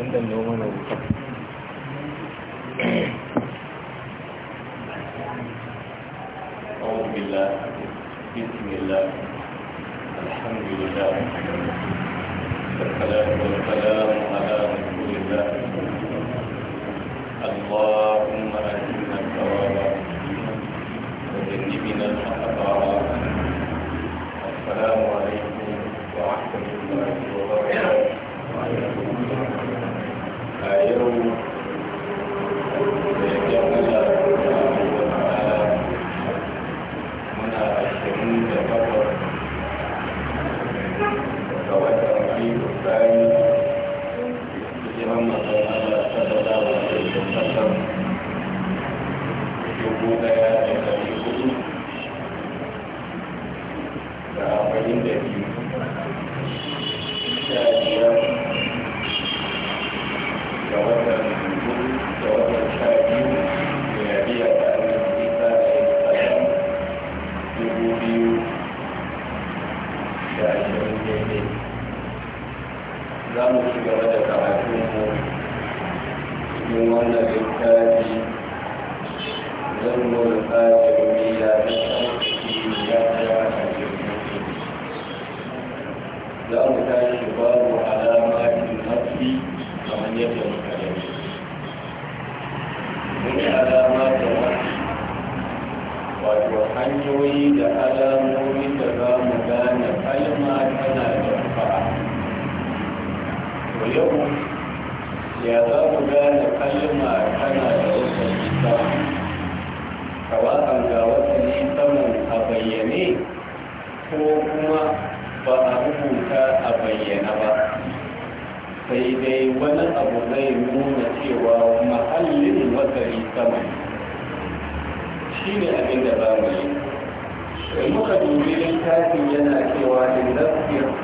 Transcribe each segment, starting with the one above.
inda noman abu kafin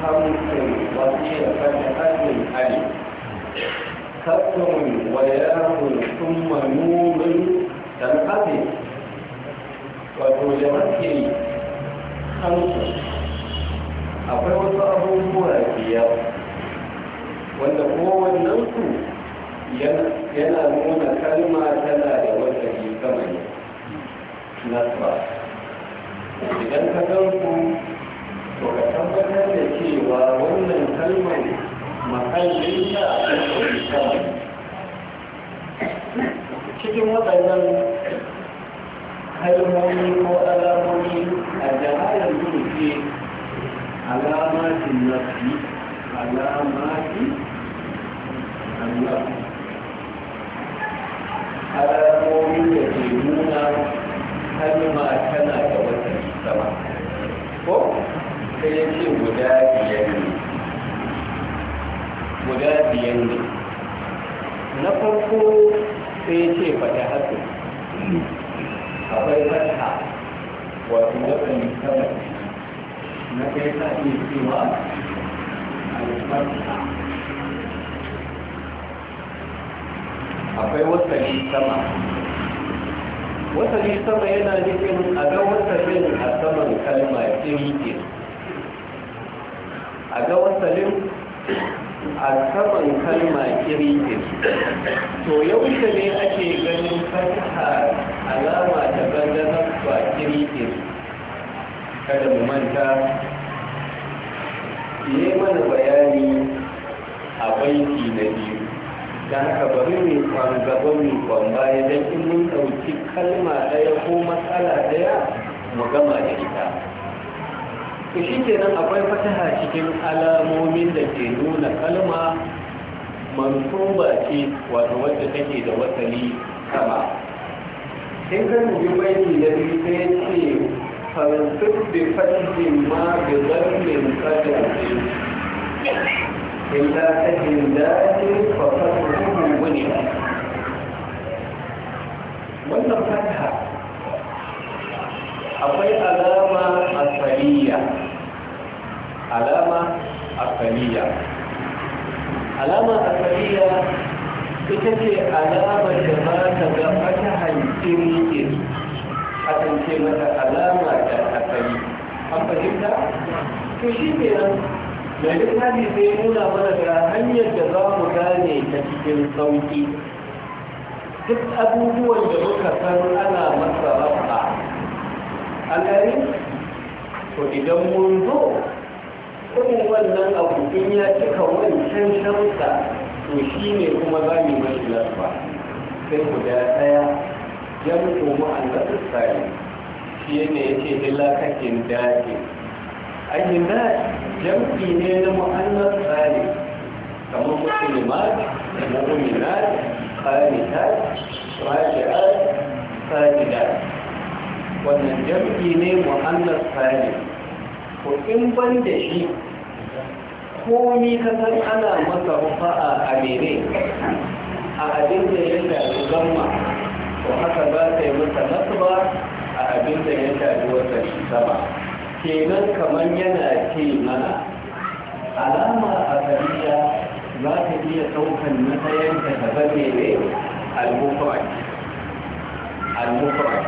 حمد وفي فتحة ألف كسر وياه akwai wasu abubuwa biyar wanda kowannen su yana nuna kalma tana da wata yi idan ka gan to ka tabbatar da ke. cewa wannan kalmar mahallinta cikin waɗannan kalmomi ko alamomi a jama'ar gudu ce alamatin nafi alamatin Alamomi alamomin da ke nuna kalma tana da wata sama ko sai ya ce guda biyar ne guda biyar ne na farko sai ya ce fata hatsu akwai fata wato waɗanda sama na kai sa iya cewa alfata akwai wasanni sama wasanni sama yana nufin a ga wasannin a saman kalma iri iri a ga wasalin a saman kalma iri to yaushe ne ake ganin fata alama ta gandanar ba iri kada mu manta yi mana bayani a baiki na biyu da haka bari ne kwan gaba ne kwan baya don in mun ɗauki kalma ɗaya ko matsala ɗaya mu gama da ita to shi nan akwai fataha cikin alamomin da ke nuna kalma mansuba ce wato wadda take da wasali sama in ka dubi baiti da biyu sai ce faransu bi fatihin ma da zarmin kadarin illa ta jindaji fasaruhu wani wannan fataha akwai alama asaliya alama asaliya alama asaliya ita ce alama da ba ta ga wata hancin a akan ce mata alama da asali an fahimta to shi ne nan mai duk hadi sai nuna mana ga hanyar da za mu gane ta cikin sauki duk abubuwan da muka san ana masa rafa A gani to idan mun zo cin wannan abu in ya cika wancan sharuɗa to shi ne kuma za mu mashi lasfa sai guda ɗaya jan kuma an zaɓi tsari shi ne ya ce illa kakin daɗi ayyana jamfi ne na mu'annar tsari kamar musulmat mu'minat qanitat raji'at sajidat wannan jamfi ne mu'annar tsari ko in ban da shi komi san ana masa rufa'a a mere a abin da ya shafi gamma to haka za ta yi masa ba a abin da ya shafi wata sama kenan kamar yana ke mana alama a kariya za ta iya saukan na ta ta zame ne al-mufrad al-mufrad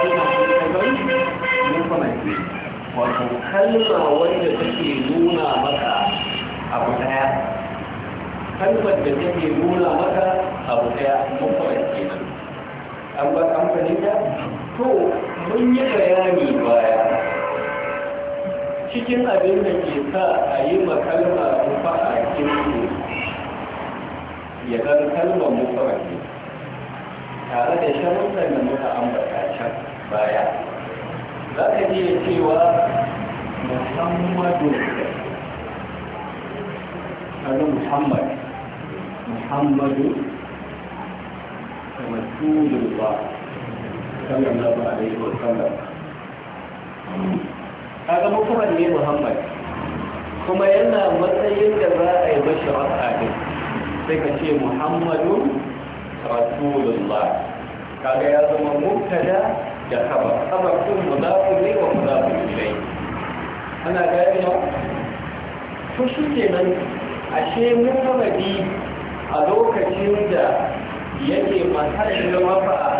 al-mufrad wato kalma wanda take nuna maka abu daya kalmar da take nuna maka abu daya mafarar kenan an ba an fahimta to mun yi bayani baya cikin abin da ke sa a yi makalma rufa a kirki ya zan kalmar mafarar tare da sharuɗan da muka ambata can baya za ka iya cewa muhammadu kaga muhammad muhammadu rasulullah sallallahu alaihi wa sallam kaga mutumin ne muhammad kuma yana matsayin da za a yi bashi a din sai ka ce muhammadu rasulullah kaga ya zama mubtada da khabar khabar kun mudafu ne wa mudafu ilai ana gani ba to shi kenan ashe mufradi a lokacin da yake mahallin mafa'a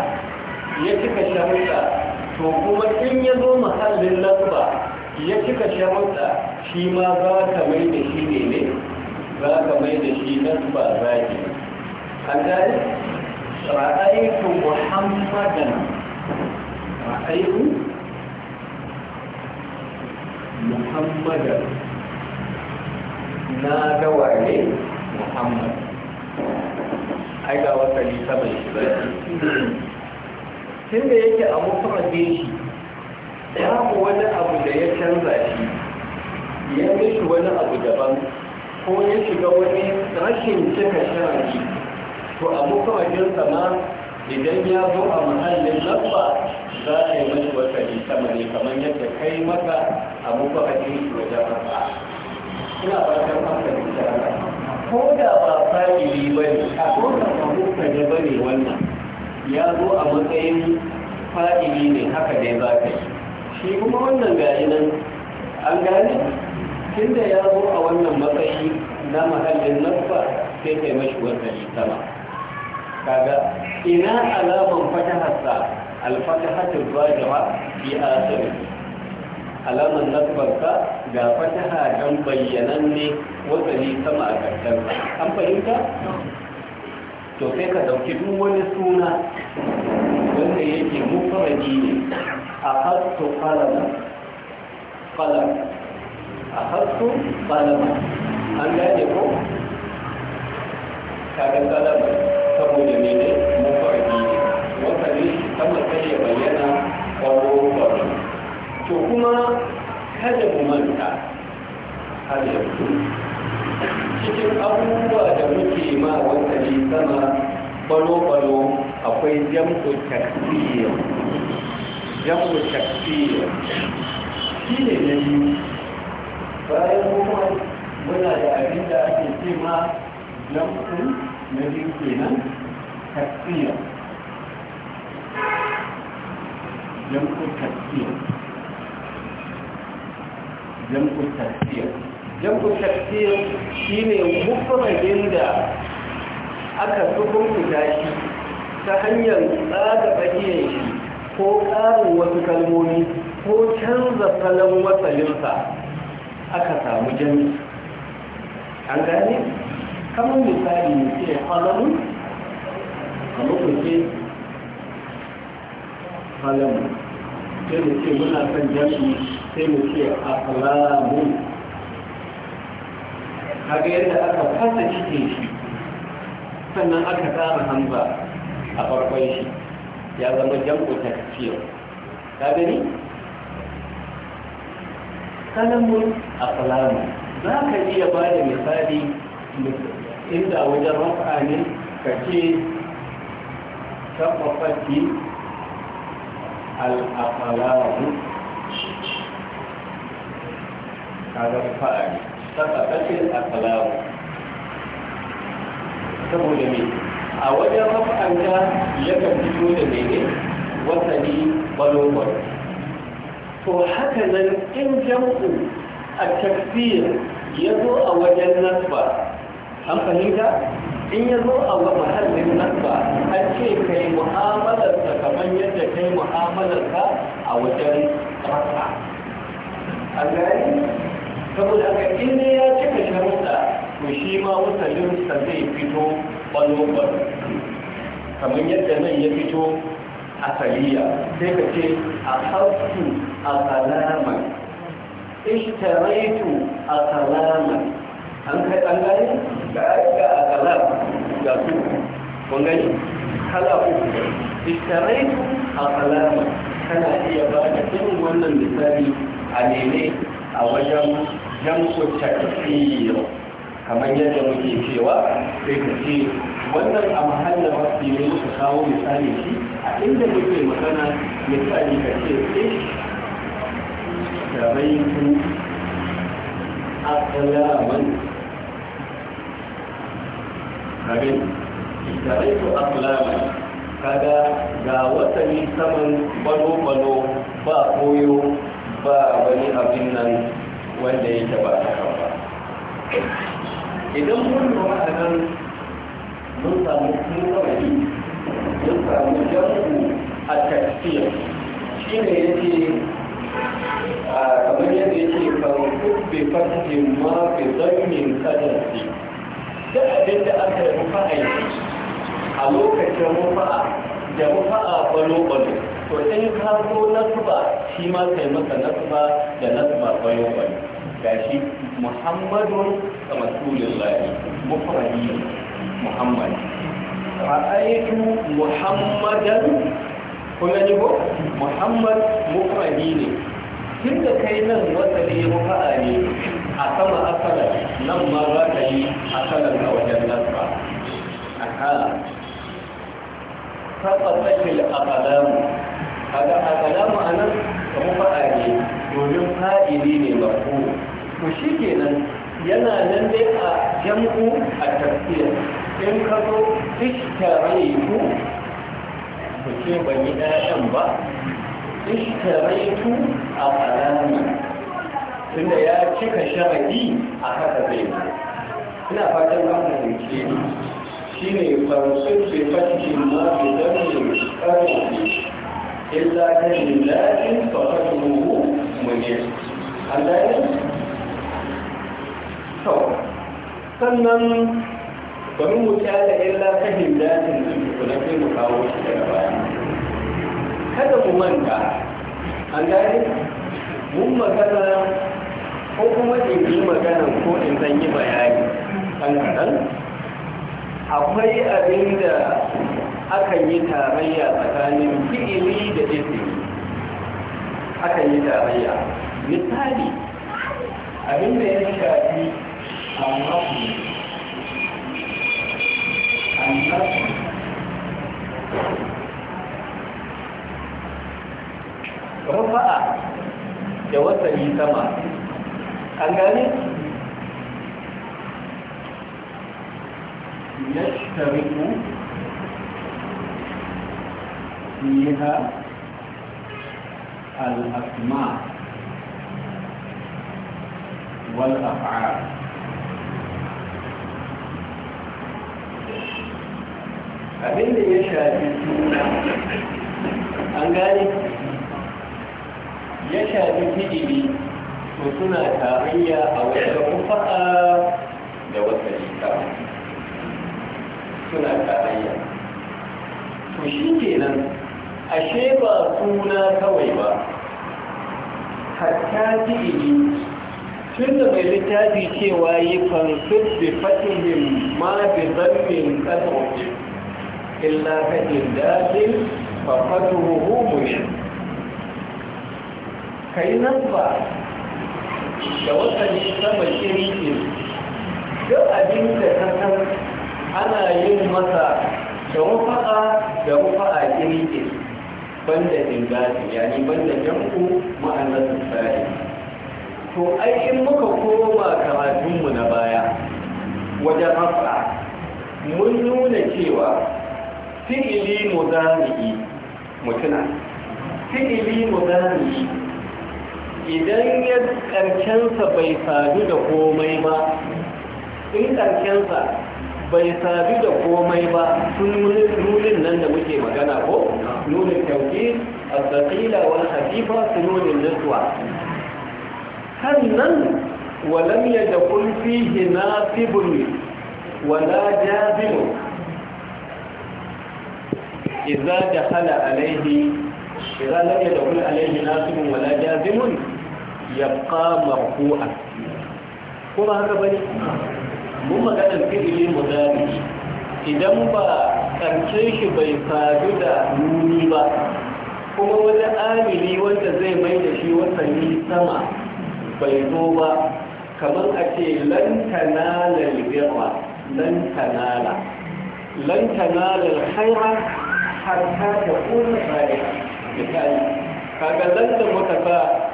ya cika sharuɗa to kuma in ya zo mahallin lafa ya cika sharuɗa shi ma za ka mai da shi ne ne za ka mai da shi lamba zaki an gani ku muhammadan رأيت محمدا na gawa ne muhammad ai ga wata nisa mai shiga tun da yake a mutumaje shi babu wani abu da ya canza shi ya mishi wani abu daban ko ya shiga wani rashin cika shari'i to a mutumajinsa ma idan ya zo a muhallin lamba za a yi mani wata ne sama ne kamar yadda kai maka abu ba a jini wajen masa ina ba ta maka ko da ba fa'ili ba ne a ko da ba muka da ba ne wannan ya zo a matsayin fa'ili ne haka dai za ka yi shi kuma wannan gari nan an gane tun da ya zo a wannan matsayi na mahallin nasba sai kai mashi wata ne sama kaga ina alaman fata sa alfatahatul zahira fi akhir alaman nasbarka ga fataha dan bayyananne wasali sama a karshen an fahimta to sai ka dauki duk wani suna wanda yake mufaradi ne a hasu Falama, kalama a hasu kalama an gane ko kaga kalama saboda ne mufaradi wanda kai bayyana ƙwaro ƙwaro to kuma kada mu manta har yanzu cikin abubuwa da muke ma wanda ne sama ƙwaro ƙwaro akwai jamku taksir jamku taksir shi ne na biyu bayan kuma muna da abin da ake ce ma jamku na biyu kenan taksir jam'u tafsir jam'u tafsir jam'u tafsir shine mufradin da aka sukunta shi ta hanyar tsada bakiyan shi ko ƙarin wasu kalmomi ko canza salon wasalinsa aka samu jami an gane kamar misali ne ce halamu a mutunce halamu sai mu ce muna son jam'i sai mu ce a alamu kaga yadda aka fasa cikin shi sannan aka tsara hamza a farkon shi ya zama jam'u takfir ka gani kalamun aklamun za ka iya ba da misali inda wajen rafa ne ka ce tabbafatti al'aqalahu kaga fa'ali sabaqatil aqlahu saboda me a wajen mafa'anta yakan fito da mene wasani balowar to haka nan in jam'u a takfir ya zo a wajen nasba an fahimta in ya zo a wa muhallin nan ba an ce ka yi mu'amalarsa kamar yadda ka yi mu'amalarsa a wajen rasa a gari saboda ka ne ya cika sharuɗa to shi ma musallinsa zai fito ɓalo kamar yadda nan ya fito a saliya, sai ka ce a hausu a kalaman ishtaraitu a kalaman an kai an gani ga ga akalar ga su kun gani kala uku istarai akalama kana iya ba da irin wannan misali a nene a wajen jamsu takfir kamar yadda muke cewa sai ka ce wannan a mahallin wasu ne muka kawo misali shi a inda muke magana misali ka ce istarai eh, akalaman kare tare da aklama kaga ga watanni saman balo-balo ba koyo ba wani abin nan wanda ya ba ta ba idan mun lura a nan mun samu mun kawai mun samu jamu a tafiya shi ne yake kamar yadda yake kan kubbe fasikin ma fi zanyin kadansi da abin da aka yi mufa a yi a lokacin mufa da mufa a balo-balo to in ka zo nasuba shi ma sai masa nasuba da nasuba balo-balo ga shi muhammadun ga masulun lahi mufahari muhammad ra'aitu muhammadan kuma ji ko muhammad mufahari ne tun da kai nan wasa ne a ne a sama asalar nan ma za ka yi asalar a wajen nasa a kala saba tsakil akalamu kaga akalamu a nan mu faɗa ne domin fa'ili ne ba Ku ku shi kenan yana nan dai a jamku a tafiya. in ka zo ishtaraitu ku ce ban yi ɗayan ba ishtaraitu a alama tunda ya cika shahadi a haka zai ne ina fatan an fahimce ni shi ne farsun ke fashe ma bai zama ne karo ne illa ta lillahin fafashi ruhu mu an gani? to sannan bari mu kyale illa ta lillahin ku na kai mu kawo shi daga baya kada mu manta an gani? mun magana ko kuma in yi magana ko in zan yi bayani kan kaɗan akwai abin da aka yi tarayya tsakanin fi'ili da isini aka yi tarayya misali abin da ya shafi rufa'a da wasali sama الذي يشترك فيها الأسماء والأفعال أبين لي يشاهدون أنقالي يشاهدون to suna tarayya a wajen kufa'a da wata jika suna tarayya to shi kenan ashe ba suna kawai ba hatta fi'ili tun da mai littafi cewa yi fansif bi fatihim ma bi zambin ƙasashe illa kaɗin dajin fafatuhu ne ka yi nan ba da watanni sama iri iri duk abin da kasar ana yin masa da mufa'a da mufa'a iri iri banda ingati yani banda jam'u ma'anar tsari, to aikin muka koma karatunmu na baya wajen hafa mun nuna cewa fi'ili yi mutuna fi'ili yi. idan ya ƙarshensa bai sadu da komai ba in ƙarshensa bai sadu da komai ba sun nunin nan da muke magana ko nunin kyauki a tsakila wani hafifa su nunin nutsuwa nan walam ya da kulfi hina fibuli wala jazimu iza dakhala alayhi alaihi iza lam ya da alaihi nasibun wala jazimun yabqa marfu'an ko ba haka bane mun magana fi'ili mudari idan ba karshe shi bai faru da nuni ba kuma wani amili wanda zai mai da shi watanni sama bai zo ba kamar a ce lantana lalbirwa lantana lantana lalhaira har ta ta kuna tsari misali kaga lantan wata ba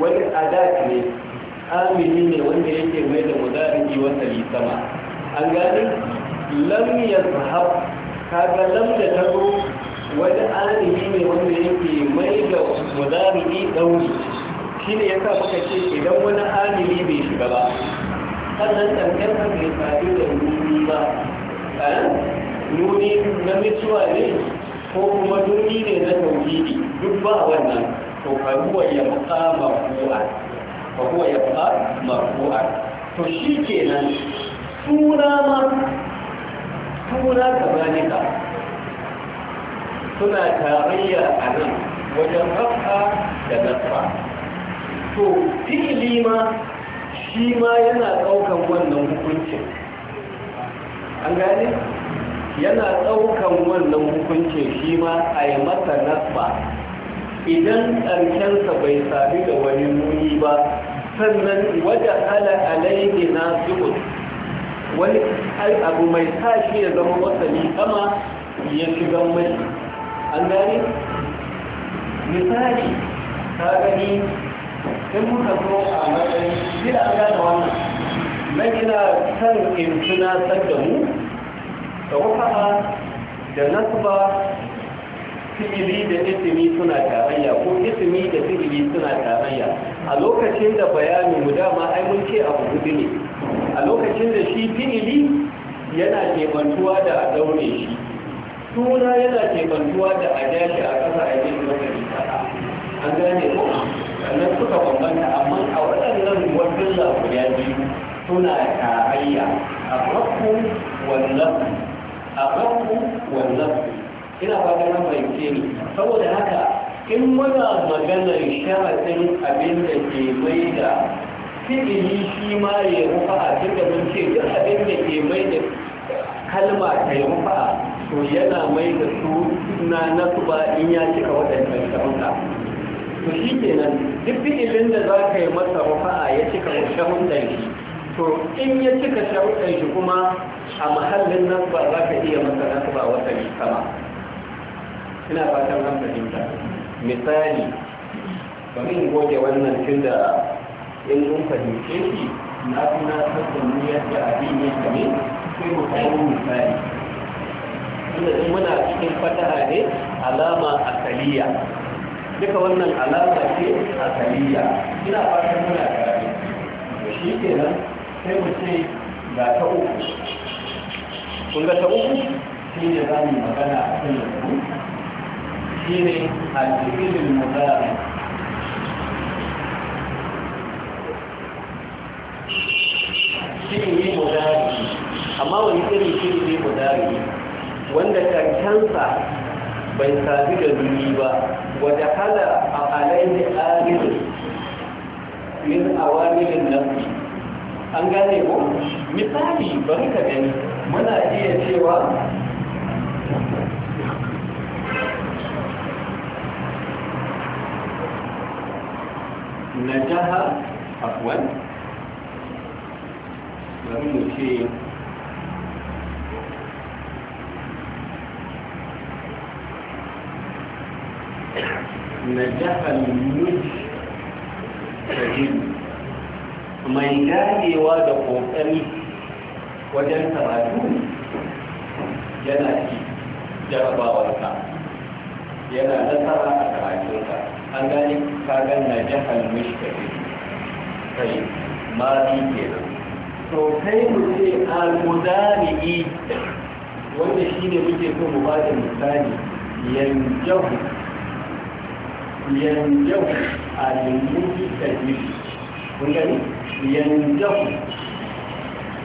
wani adat ne amini ne wanda yake mai da mudariki wanda yi sama an gani lam zahab kaga lam da ta wani amini ne wanda yake mai da mudariki dauri shi ne ya sa muka ce idan wani amini bai shiga ba sannan tangarsa bai faɗi da nuni ba eh? nuni na mutuwa ne ko kuma nuni ne na tauhidi duk ba wannan to ya huwa yabqa marfu'an fa ya yabqa marfu'an to nan suna ma suna kamalika suna tarayya a nan wajen rafa da nasfa to fi'ili ma shi ma yana ɗaukan wannan hukuncin an gane yana ɗaukan wannan hukuncin shi ma a yi masa nasfa idan ƙarshensa bai sami da wani muni ba sannan wajen ala alaihi na zuɓun wani abu mai tashi ya zama wasanni sama ya shiga mai an gani misali ta gani in muka zo a matsayin shi da an gane wannan na gina kan in tunatar da mu da wafa'a da nasu ba. fi'ili da ismi suna tarayya ko ismi da fi'ili suna tarayya a lokacin da bayani mu dama ai mun ce abu gudu ne a lokacin da shi fi'ili yana kebantuwa da a daure shi suna yana kebantuwa da a jashi a kasa a yi lokaci an gane ko sannan suka bambanta amma a waɗannan wajen ya ji suna tarayya a farko wannan a farko wannan ina fata nan bai ce ni saboda haka in muna maganar sharaɗin abin da ke mai da fi'ili shi ma ya rufa a da mun ce duk abin da ke mai da kalma ta yi rufa to yana mai da su na nasu ba in ya cika waɗannan shahunta to shi ke nan, duk fi'ilin da za ka yi masa a ya cika sharuɗan shi to in ya cika sharuɗan shi kuma a mahallin nasu ba za ka iya masa nasu ba wata sama ina fatan an fahimta misali ba min goge wannan tun da in kun fahimce shi na fi na sassan yadda abin ya kame sai mu kai misali tunda in muna cikin fataha ne alama asaliya duka wannan alama ce asaliya ina fatan muna kare shi kenan sai mu ce ga ta uku kun ga ta uku shi ne za mu magana a kan yanzu shine al-fi'lul mudari fi'li mudari amma wani irin fi'li mudari wanda karkansa bai sabi da duni ba wadda hala a alaihi alirin min awamilin nafi an gane ko misali bari ka gani muna iya cewa najaha afwan bari mu ce نجح المجتهد mai ganewa da kokari wajen karatu yana ci jarabawarsa yana nasara a karatunsa an gani kagan na jihar mishkari kai mali ke nan to kai mu ce al-mudari'i wanda shi ne muke so mu ba da misali yanjahu yanjahu al-mudari kun gani yanjahu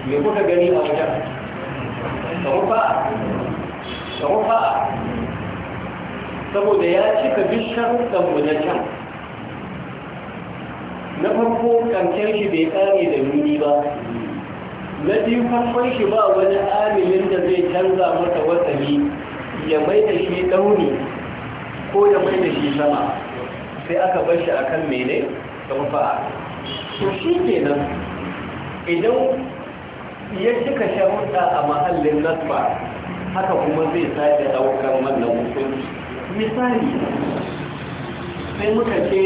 me kuka gani a wajen tawfa tawfa saboda ya cika bishan mu na can na farko kankan shi bai kare da nuni ba na biyu farkon shi ba wani amilin da zai canza masa wasali ya mai da shi ɗauni ko ya mai da shi sama sai aka bar shi a akan mene rufa su shi nan? idan ya cika sharuɗa a mahallin nasba haka kuma zai sake ɗaukar wannan hukunci misali sai muka ce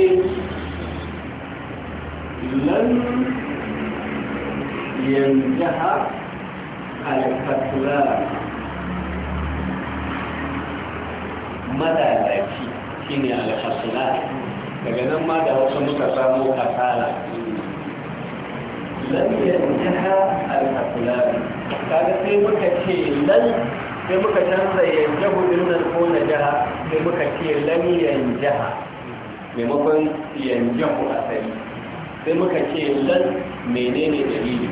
lan yanzaha alfatula madalaci shi ne alfatula daga nan ma da wasu muka samu kasala lan yanzaha alfatula kaga sai muka ce lan sai muka canza yanjahu dinnan ko na jaha sai muka ce lam yanjaha maimakon yanjahu asali sai muka ce lan menene dalili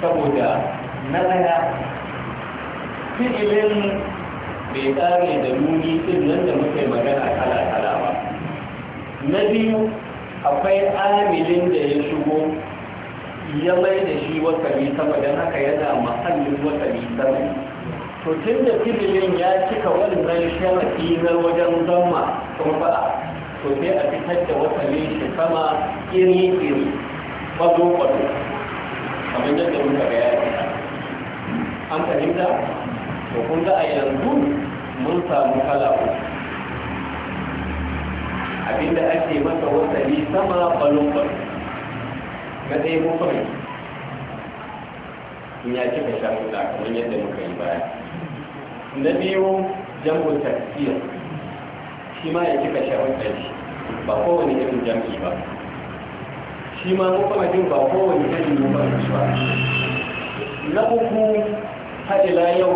saboda na ɗaya fi'ilin bai tsare da nuni din nan da muke magana kala-kala ba na biyu akwai amilin da ya shigo ya mai da shi wasali saboda don haka yana mahallin wasali saboda to tun da fi'ilin ya cika wannan sharafi na wajen zama fada to sai a fitar da wata shi sama iri iri mazo kwado abin da muka ga ya fita an fahimta to kun ga a yanzu mun samu kala abin da ake masa wasali sama balon balon na ɗaya mutum ya cika shafi kamar yadda muka yi baya na biyu jam'ul tafsir shi ma ya cika sharuɗa shi ba kowane irin jam'i ba shi ma jin ba kowane irin mufarajin ba na uku haɗila yau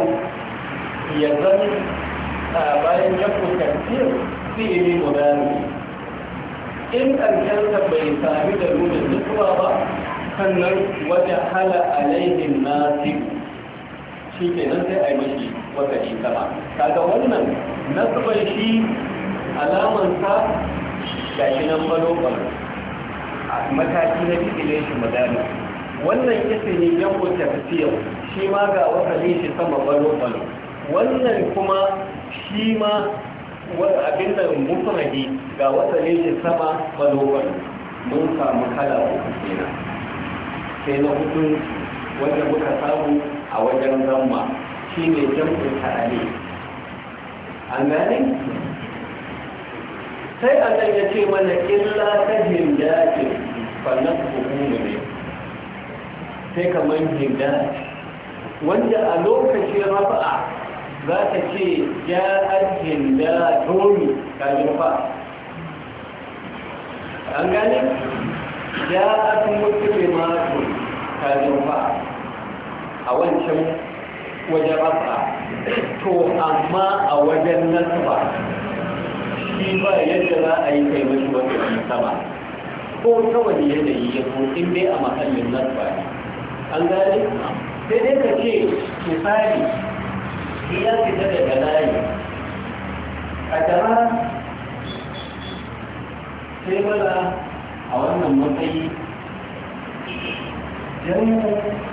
ya a bayan jam'ul tafsir fi'ili mudani in ƙarshensa bai sami da nuna nutsuwa ba sannan wajen hala alaihin nasi shi ke nan sai a yi mashi wata shekara kaga wannan nasban shi alamansa ga shi nan balobar a mataki na fitilin shi madana wannan kisa ne yan wuce tafiya shi ma ga wakalin shi sama balo wannan kuma shi ma abin da mutane ga wakalin shi sama balo mun samu kala uku kenan sai na hudu wanda muka samu a wajen zamma shi ne jam'in ta'ali an gane sai a kan ya ce mana illa ta hindajin fannan hukumu ne sai kamar hinda wanda a lokacin rafa'a za ta ce ya ja'ad hinda tomi kajin fa an gane ja'ad mutu bi masu kajin fa a wancan wajen rafa to amma a wajen nasba shi ba yadda za a yi kai wajen sama ko ta wani yanayi ya so in dai a mahallin nasba ne an gane sai dai ka ce misali shi ya fita daga layi a gaba sai mana a wannan matsayi jami'ar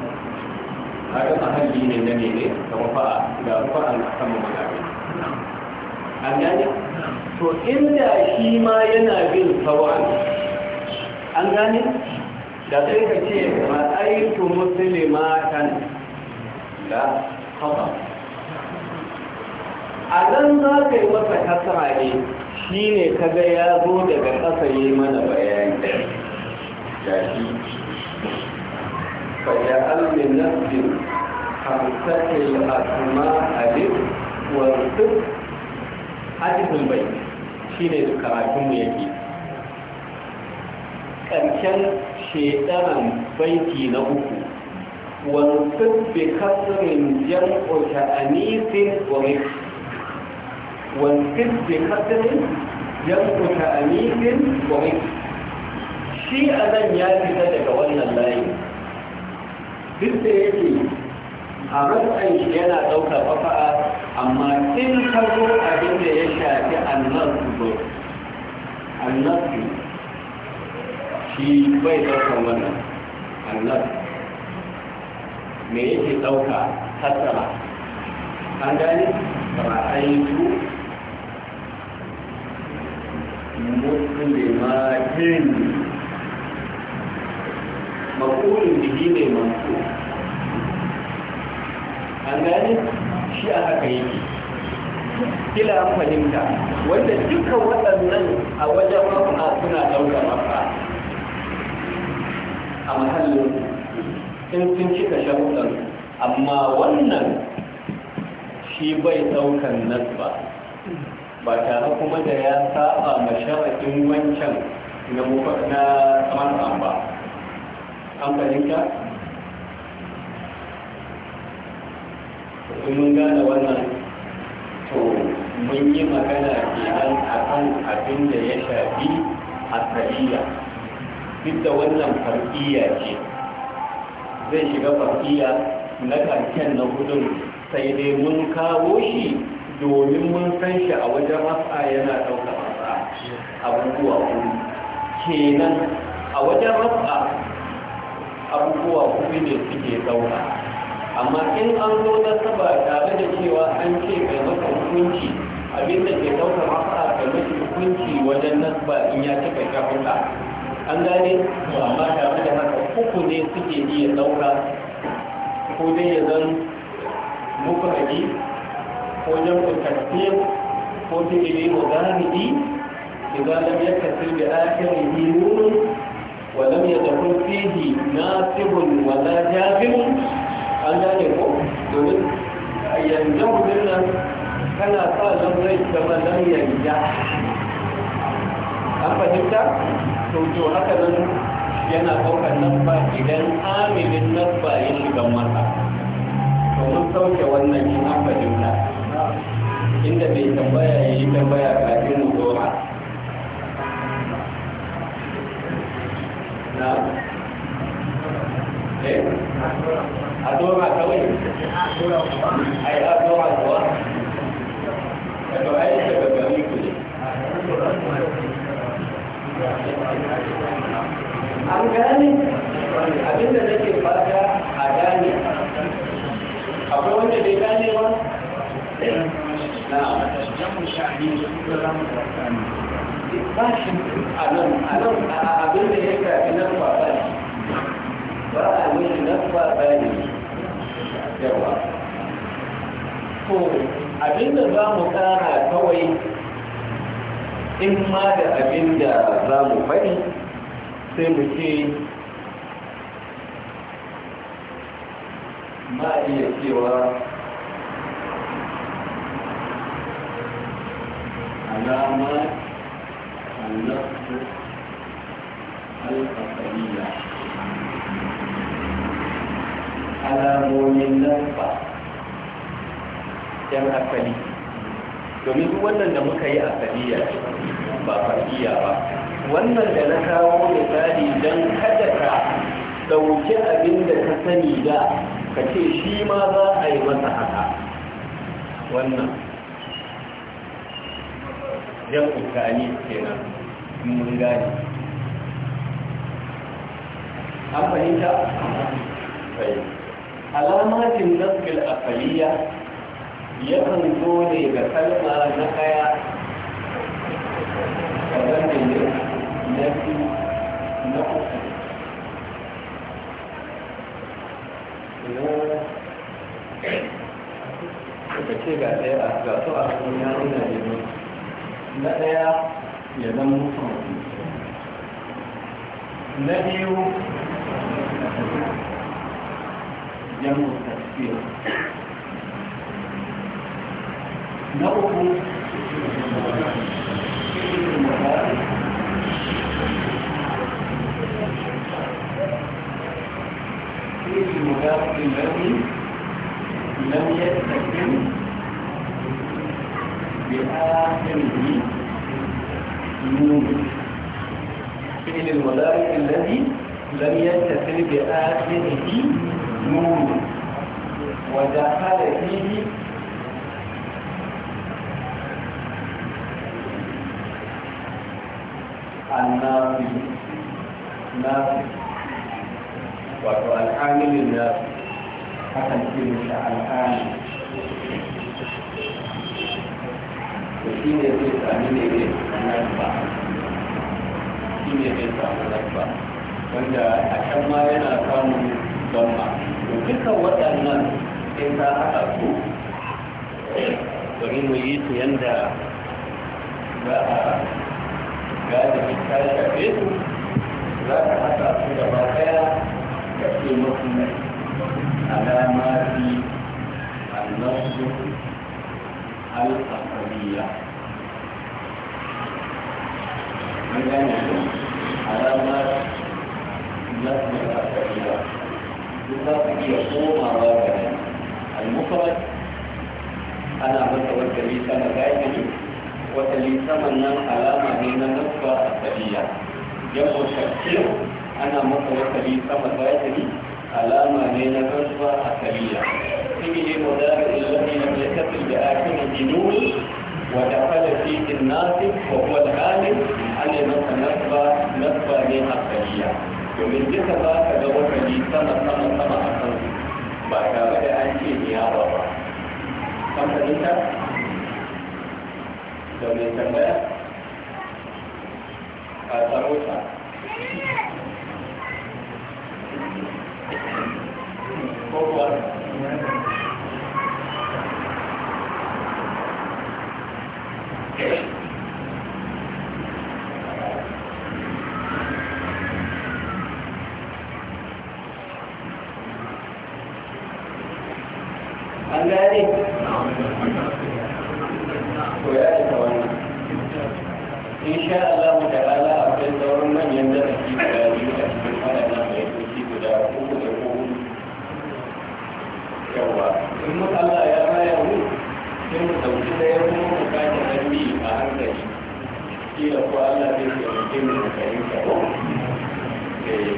kaga mahalli ne na ne da rufa'a da rufa'an sama magana an gane to inda shi ma yana bin sawan an gane da sai ka ce ma'aitu musulmatan da kafa a nan za ka yi masa kasara ne shi ne kaga ya zo daga ƙasa yi mana bayani da shi فجعل من نفس خمسة الأسماء ألف والصف حديث البيت شيء ذكرتم يكي ƙarshen shekaran baiti na uku wansu bi kasirin jam'o ta anisin omis wansu bi kasirin jam'o ta anisin omis shi a nan ya fita daga wannan layin duk da yake a rantsan shi yana ɗauka fafa'a amma in ka abin da ya shafi annasu zo annasu shi bai ɗaukar wannan annasu me yake ɗauka tattara an gani ra'ayitu muslimatin makulin bihi ne mansu an gane shi a haka yake kila an fahimta wanda duka waɗannan a wajen mafa suna ɗauka mafa a mahallin sun sun cika sharuɗan amma wannan shi bai ɗaukan nan ba Ba tare kuma da ya saba ma sharaɗin wancan na mafa na ba an fahimta mun gane wannan to mun yi magana kenan a kan abin da ya shafi asaliya duk da wannan farfiya ce zai shiga farfiya na karshen na hudun sai dai mun kawo shi domin mun san shi a wajen matsa yana ɗauka abubuwa kenan a wajen matsa abubuwa kuɗi ne suke ɗauka amma in an zo na saba tare da cewa an ce mai maka hukunci abinda ke ɗaukar masa ga mashi hukunci wajen nasba in ya cika shafuka an gane amma tare da haka uku ne suke iya ɗauka ko dai ya zan muku haji ko jam'u takfir ko fi'ili mudaridi idan lam yakasir bi akhirih nunun ولم يدخل فيه ناسب ولا جاذب an gane ko domin yanzu hudun nan kana sa zan zai zama nan yanja an fahimta to haka nan yana ɗaukar nasba idan amilin nasba ya shiga masa to mun sauke wannan in an fahimta inda bai tambaya ya yi tambaya kafin mu zo a eh? dora kawai a yi kuwa daga ai daga gari ku ne an gane abinda nake fata a gane akwai wanda bai gane ba eh. na ba shi a nan a nan a abin da ya shafi nan ba ba ne ba a mishi nan ba ba ne yawa to abin da za mu kara kawai in ma da abin da za mu faɗi sai mu ce ma iya cewa alama النفس القطرية على مؤمن نفسه كم أفلي domin wannan da muka yi a fariya ba fariya ba wannan da na kawo misali don kada ka dauki abin da ka sani da ka ce shi ma za a yi masa haka wannan jam'u tani kenan in mun gane an fahimta sai alamatin naskil afaliya yakan zo ne ga kalma na kaya kamar da ne na biyu na uku Ka ce ga ɗaya ga su a hannun yaron na ne na ɗaya ya zama mutum na biyu jamu tafsir na uku في المدارس الذي لم يستكمل آخره نون فعل المضارع الذي لم يتصل بآخره نون ودخل فيه النافي نافي وهو العامل النافي حتى يكون العامل shi ne zai sami ne ne ba shi ne zai samu ba wanda a can ma yana samun bamma to dukkan waɗannan sai ta haɗa su bari mu yi su yanda za a gada ta shafe su za ka haɗa su da ba ɗaya ka ce masu alamati النصر الأقلية من كان علامات لازم الأسئلة بالضبط يقوم على المفرد أنا عملت والكلي سنة دائما وتلي علامة هنا نصف السبيل جمع التكسير أنا عملت والكلي سنة علامة هنا نصف السبيل فيه مدار الذي لم يتصل بآخر الجنون ودخل فيه الناس وهو الغالب ana masa nasba nasba ne hasariya domin duka ba ka ga wakali sama sama sama a kan ba tare da an ce niyawa ba kan fahimta da mai tambaya a samu ta ko kuwa in sha Allah da ala akwai sauran manyan darasi guda biyu a cikin waɗannan baitoci guda uku da ko yawa in mu Allah ya raya mu sai mu dauki da yau kuma mu kaji a hankali kila ko Allah zai taimake mu mu fahimta ko eh.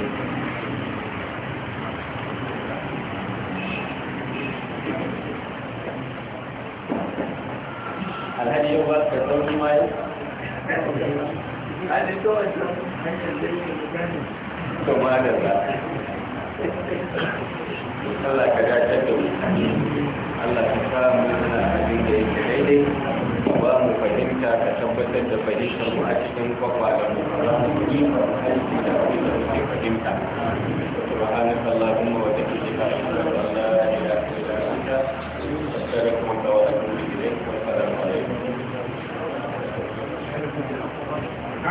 alhaji yau ba ka sauki ma kuma da ba Allah ka dace da Allah ka sa mu yana abin da yake daidai ba mu fahimta ka tabbatar da fahimtar mu a cikin kwakwalan mu za mu yi aiki da abin da muke fahimta subhanaka allahumma wa bihamdika ashhadu an la ilaha illa anta astaghfiruka